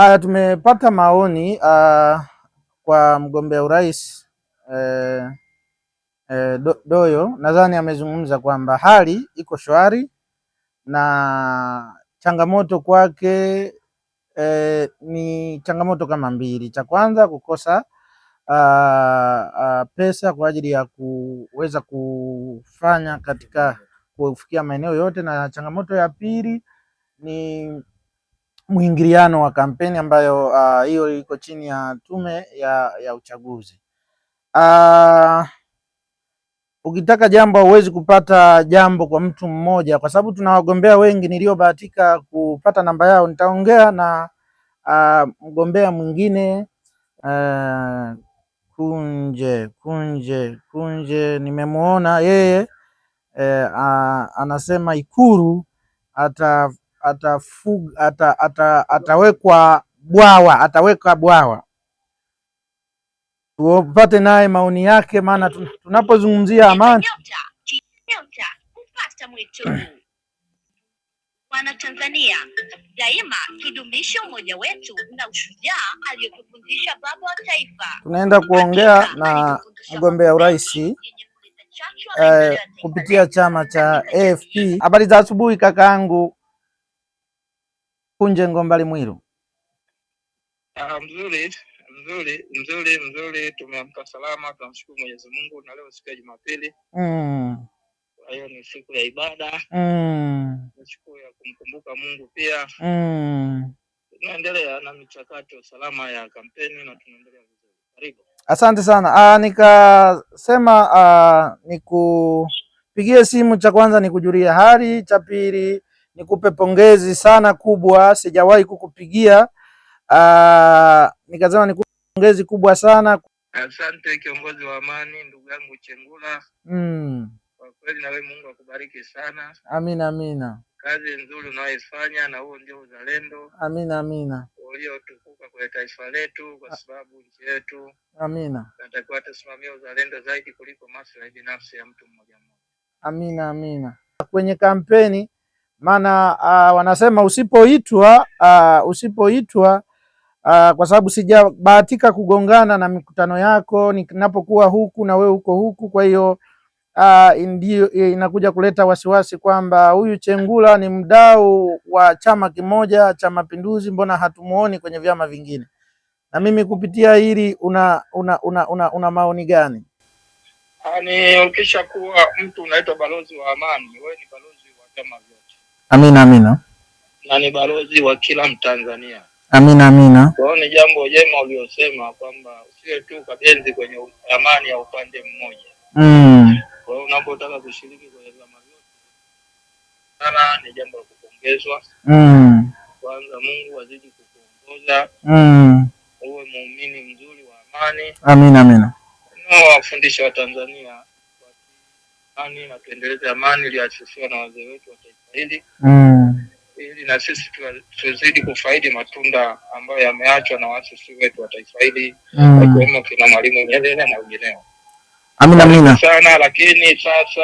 Haya, tumepata maoni uh, kwa mgombea urais eh, eh, do, Doyo nadhani amezungumza kwamba hali iko shwari na changamoto kwake eh, ni changamoto kama mbili. Cha kwanza kukosa uh, uh, pesa kwa ajili ya kuweza kufanya katika kufikia maeneo yote, na changamoto ya pili ni mwingiliano wa kampeni ambayo ah, hiyo uh, iko chini ya tume ya, ya uchaguzi uh, ukitaka jambo huwezi kupata jambo kwa mtu mmoja, kwa sababu tuna wagombea wengi niliyobahatika kupata namba yao. Nitaongea na uh, mgombea mwingine uh, kunje kunje kunje, nimemuona yeye uh, anasema Ikuru ata atafuga ata, ata, atawekwa bwawa atawekwa bwawa, tupate naye maoni yake, maana tunapozungumzia amani Wana Tanzania, daima tudumishe umoja wetu na ushujaa aliyotufundisha baba wa taifa. Tunaenda kuongea na mgombea urais eh, kupitia chama cha AFP. Habari za asubuhi kakaangu kunje Ngombali Mwiru. Ah, mzuri mzuri mzuri mzuri, tumeamka salama, tunamshukuru Mwenyezi Mungu, na leo siku ya Jumapili mm. kwa hiyo ni siku ya ibada mm. siku ya kumkumbuka Mungu pia mm. tunaendelea na michakato salama ya kampeni na tunaendelea vizuri. Karibu. Asante sana. Ah, nikasema ah, nikupigie simu, cha kwanza kujulia hali, cha pili nikupe pongezi sana kubwa, sijawahi kukupigia uh, nikasema nikupe pongezi kubwa sana. Asante kiongozi wa amani, ndugu yangu Chengula. Mm. Kwa kweli na wewe Mungu akubariki sana. Amina, amina. Kazi nzuri unayoifanya na huo ndio uzalendo. Amina, amina. Uliotukuka kwa taifa letu, kwa sababu nchi yetu. Amina. Natakiwa tusimamie uzalendo zaidi kuliko maslahi binafsi ya mtu mmoja mmoja. Amina, amina. Kwenye kampeni maana uh, wanasema usipoitwa uh, usipoitwa uh, kwa sababu sijabahatika kugongana na mikutano yako ninapokuwa huku na wewe uko huku, kwa hiyo uh, ndio inakuja kuleta wasiwasi kwamba huyu Chengula ni mdau wa chama kimoja cha Mapinduzi, mbona hatumuoni kwenye vyama vingine? Na mimi kupitia hili una, una, una, una, una maoni gani? ukisha kuwa mtu unaitwa balozi wa amani, wewe ni balozi wa chama Amina, amina. Na ni balozi wa kila Mtanzania. Amina, amina. Kwa ni jambo jema uliosema kwamba usiwe tu kabenzi kwenye amani ya upande mmoja. Mm. Kwa hiyo unapotaka kushiriki kwenye vyama vyote sana, ni jambo la kupongezwa. Mm. Kwanza Mungu azidi kukuongoza. Mm. Uwe muumini mzuri wa amani. Amina, amina. Na wafundishe Watanzania amani na tuendeleze amani iliyoasisiwa na wazee wetu wa zaidi mm. ili na sisi tuzidi kufaidi matunda ambayo yameachwa na waasisi wetu wa taifa hili wakiwemo mm. kina Mwalimu Nyerere na wengineo. Amina, amina sana. Lakini sasa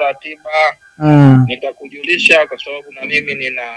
ratiba mm. nitakujulisha kwa sababu na mimi nina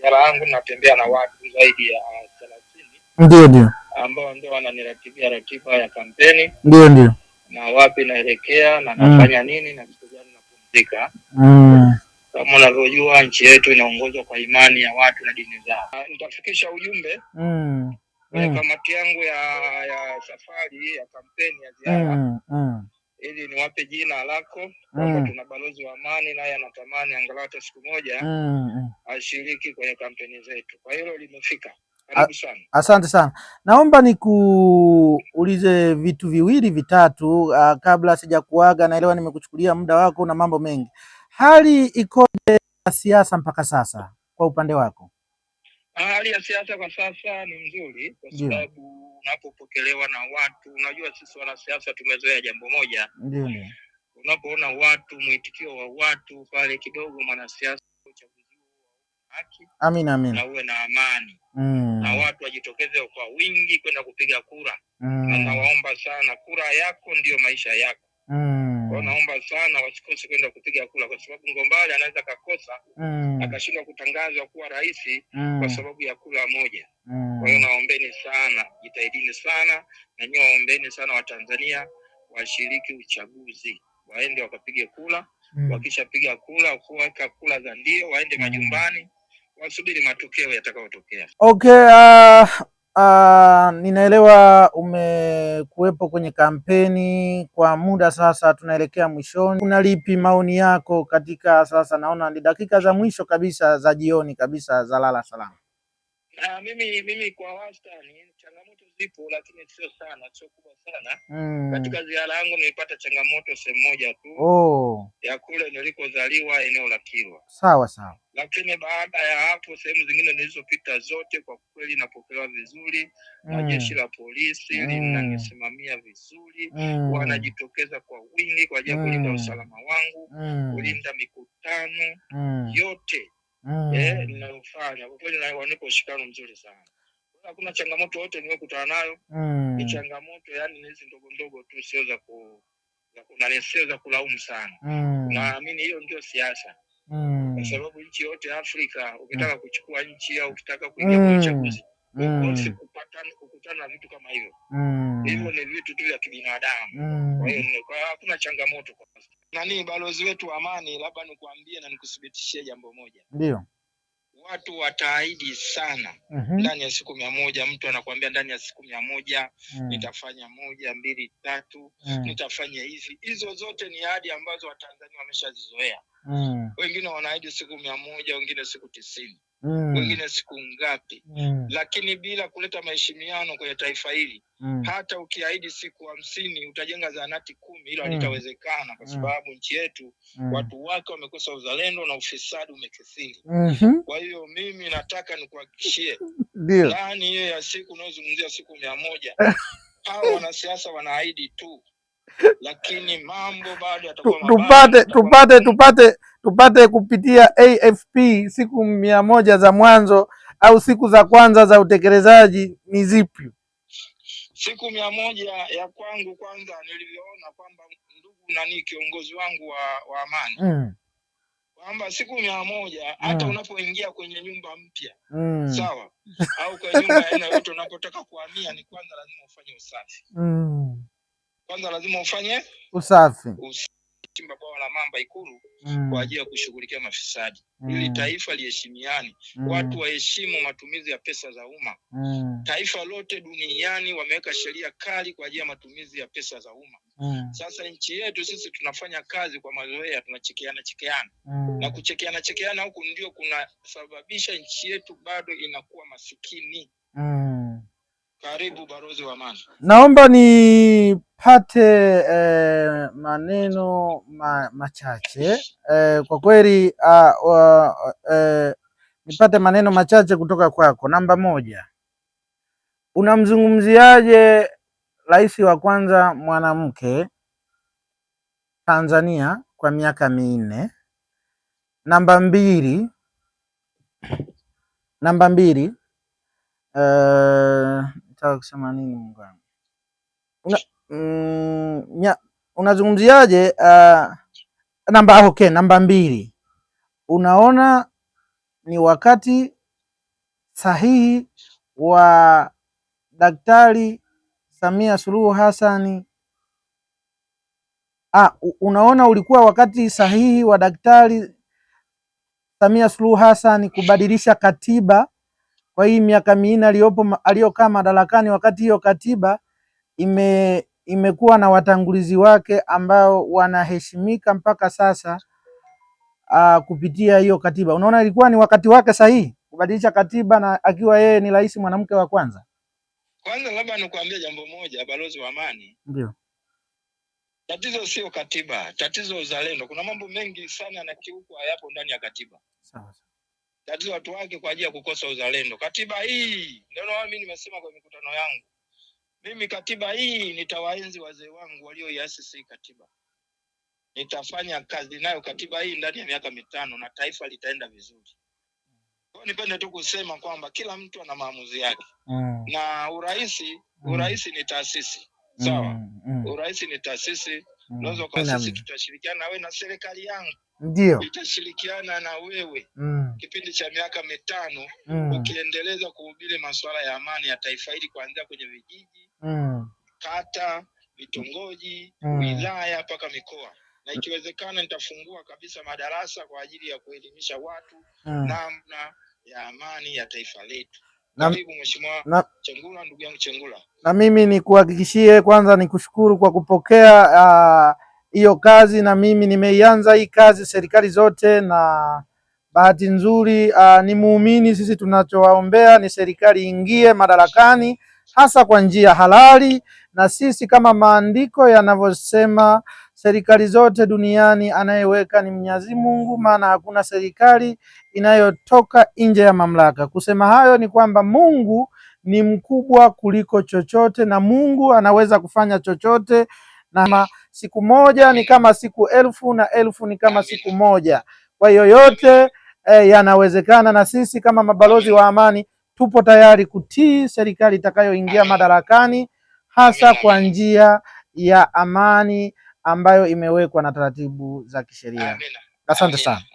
ziara yangu natembea na watu zaidi ya thelathini. Ndio, ndio ambao ndio wananiratibia ratiba ya kampeni. Ndio, ndio na wapi naelekea na mm. nafanya mm. nini na vitu gani napumzika mm. Kama unavyojua nchi yetu inaongozwa kwa imani ya watu na dini zao. Ah, nitafikisha ujumbe mm. Mm. Kamati yangu ya, ya safari ya kampeni ya ziara mm. Mm. ili niwape jina lako kwamba mm. tuna balozi wa amani naye anatamani angalau hata siku moja mm. mm. ashiriki kwenye kampeni zetu. Kwa hilo limefika. Karibu sana. Asante sana. Naomba nikuulize vitu viwili vitatu, uh, kabla sijakuaga. Naelewa nimekuchukulia muda wako na mambo mengi hali ikoje ya siasa mpaka sasa kwa upande wako? Hali ya siasa kwa sasa ni nzuri, kwa sababu unapopokelewa na watu, unajua sisi wanasiasa tumezoea jambo moja, ndio unapoona watu, mwitikio wa watu pale, kidogo mwanasiasa haki amina. amin. na uwe na amani mm. na watu wajitokeze kwa wingi kwenda kupiga kura mm. na nawaomba sana, kura yako ndiyo maisha yako Mm. Kwa naomba sana wasikose kwenda kupiga kura, kwa sababu Ngombale anaweza akakosa mm. akashindwa kutangazwa kuwa rais mm. kwa sababu ya kura moja mm. Kwa hiyo naombeni sana, jitahidini sana na nyiwe waombeni sana Watanzania washiriki uchaguzi, waende wakapige kura mm. wakishapiga kura, kuweka kura za ndio, waende majumbani wasubiri matokeo yatakayotokea. Okay, uh... Uh, ninaelewa umekuwepo kwenye kampeni kwa muda sasa, tunaelekea mwishoni. Kuna lipi maoni yako katika sasa, naona ni dakika za mwisho kabisa za jioni kabisa za lala salama. Uh, mimi mimi kwa wastani zipo, lakini sio sana, sio kubwa sana mm. Katika ziara yangu nilipata changamoto sehemu moja tu oh, ya kule nilikozaliwa eneo la Kilwa. Sawa sawa, lakini baada ya hapo sehemu zingine nilizopita zote kwa kweli napokelewa vizuri mm. na jeshi la polisi mm. linanisimamia vizuri mm. wanajitokeza kwa wingi kwa ajili ya mm. kulinda mm. usalama wangu mm. kulinda mikutano mm. yote mm. eh, ninayofanya kwa kweli wanipo ushirikiano mzuri sana hakuna changamoto yote nimekutana nayo mm. ni changamoto yani hizi ndogo ndogo tu sio za ku nani sio za kulaumu sana mm. naamini hiyo ndio siasa mm. kwa sababu nchi yote Afrika ukitaka mm. kuchukua nchi au ukitaka kuingia kwenye mm. uchaguzi Mm. kukutana na vitu kama hivyo mm. hivyo ni vitu tu vya kibinadamu mm. kwa hiyo hakuna changamoto kwa nani balozi wetu wa amani labda nikuambie na nikuthibitishie jambo moja ndio watu wataahidi sana mm -hmm. ndani ya siku mia moja mtu anakuambia ndani ya siku mia moja mm nitafanya moja mbili tatu mm nitafanya hivi. Hizo zote ni ahadi ambazo Watanzania wameshazizoea mm wengine wanaahidi siku mia moja wengine siku tisini mm. wengine siku ngapi mm. lakini bila kuleta maheshimiano kwenye taifa hili mm. hata ukiahidi siku hamsini utajenga zaanati kumi ilo halitawezekana mm. kwa mm. sababu nchi yetu mm. watu wake wamekosa uzalendo na ufisadi umekithiri mm-hmm. kwa hiyo mimi nataka nikuhakikishie ndani hiyo ya siku unayozungumzia siku mia moja hawa wanasiasa wanaahidi tu lakini mambo bado yatakuwa tupate tupate tupate tupate kupitia AFP siku mia moja za mwanzo au siku za kwanza za utekelezaji ni zipi? Siku mia moja ya kwangu, kwanza nilivyoona kwamba ndugu nani kiongozi wangu wa, wa amani mm. kwamba siku mia moja mm. hata mm. unapoingia kwenye nyumba mpya mm. sawa au kwenye nyumba aina yote unapotaka kuhamia, ni kwanza lazima ufanye usafi mm. kwanza lazima ufanye usafi, usafi kuchimba bwawa la mamba Ikulu mm. kwa ajili ya kushughulikia mafisadi mm. ili taifa liheshimiane mm. watu waheshimu matumizi ya pesa za umma mm. taifa lote duniani wameweka sheria kali kwa ajili ya matumizi ya pesa za umma mm. Sasa nchi yetu sisi tunafanya kazi kwa mazoea, tunachekeana chekeana mm. na kuchekeana chekeana huku ndio kunasababisha nchi yetu bado inakuwa masikini mm karibu balozi wa amani. Naomba nipate eh, maneno ma, machache eh, kwa kweli uh, uh, eh, nipate maneno machache kutoka kwako. Namba moja, unamzungumziaje rais wa kwanza mwanamke Tanzania kwa miaka minne? Namba mbili, namba mbili eh, nataka kusema nini Mungu wangu? Una, mm, unazungumziaje uh, namba okay, namba mbili, unaona ni wakati sahihi wa Daktari Samia Suluhu Hassani ah, unaona ulikuwa wakati sahihi wa Daktari Samia Suluhu Hassani kubadilisha katiba kwa hii miaka minne aliyopo aliyokaa madarakani, wakati hiyo katiba ime imekuwa na watangulizi wake ambao wanaheshimika mpaka sasa. Uh, kupitia hiyo katiba unaona, ilikuwa ni wakati wake sahihi kubadilisha katiba, na akiwa yeye ni rais mwanamke wa kwanza. Kwanza labda nikuambia jambo moja, balozi wa amani, ndio tatizo sio katiba, tatizo uzalendo. Kuna mambo mengi sana na kiuko hayapo ndani ya katiba. sawa tatizo watu wake kwa ajili ya kukosa uzalendo. Katiba hii ndio mimi nimesema kwenye mikutano yangu, mimi katiba hii nitawaenzi wazee wangu walioiasisi katiba, nitafanya kazi nayo katiba hii ndani ya miaka mitano na taifa litaenda vizuri. Kwa hiyo nipende tu kusema kwamba kila mtu ana maamuzi yake mm. na urahisi mm. urahisi ni taasisi sawa, mm. mm. urahisi ni taasisi mm. unaweza sisi tutashirikiana wewe na serikali yangu ndio. Nitashirikiana na wewe mm. kipindi cha miaka mitano mm. ukiendeleza kuhubiri masuala ya amani ya taifa hili kuanzia kwenye vijiji mm. kata, vitongoji, mm. wilaya mpaka mikoa na ikiwezekana nitafungua kabisa madarasa kwa ajili ya kuelimisha watu mm. namna ya amani ya taifa letu. na, na, Chengula, ndugu yangu Chengula. Na mimi nikuhakikishie kwanza, nikushukuru kwa kupokea uh, hiyo kazi, na mimi nimeianza hii kazi serikali zote, na bahati nzuri uh, ni muumini. Sisi tunachowaombea ni serikali ingie madarakani hasa kwa njia halali, na sisi kama maandiko yanavyosema serikali zote duniani anayeweka ni Mwenyezi Mungu, maana hakuna serikali inayotoka nje ya mamlaka. Kusema hayo ni kwamba Mungu ni mkubwa kuliko chochote na Mungu anaweza kufanya chochote na siku moja ni kama siku elfu na elfu ni kama siku moja. Kwa hiyo yote eh, yanawezekana, na sisi kama mabalozi wa amani tupo tayari kutii serikali itakayoingia madarakani, hasa kwa njia ya amani ambayo imewekwa na taratibu za kisheria. Asante sana.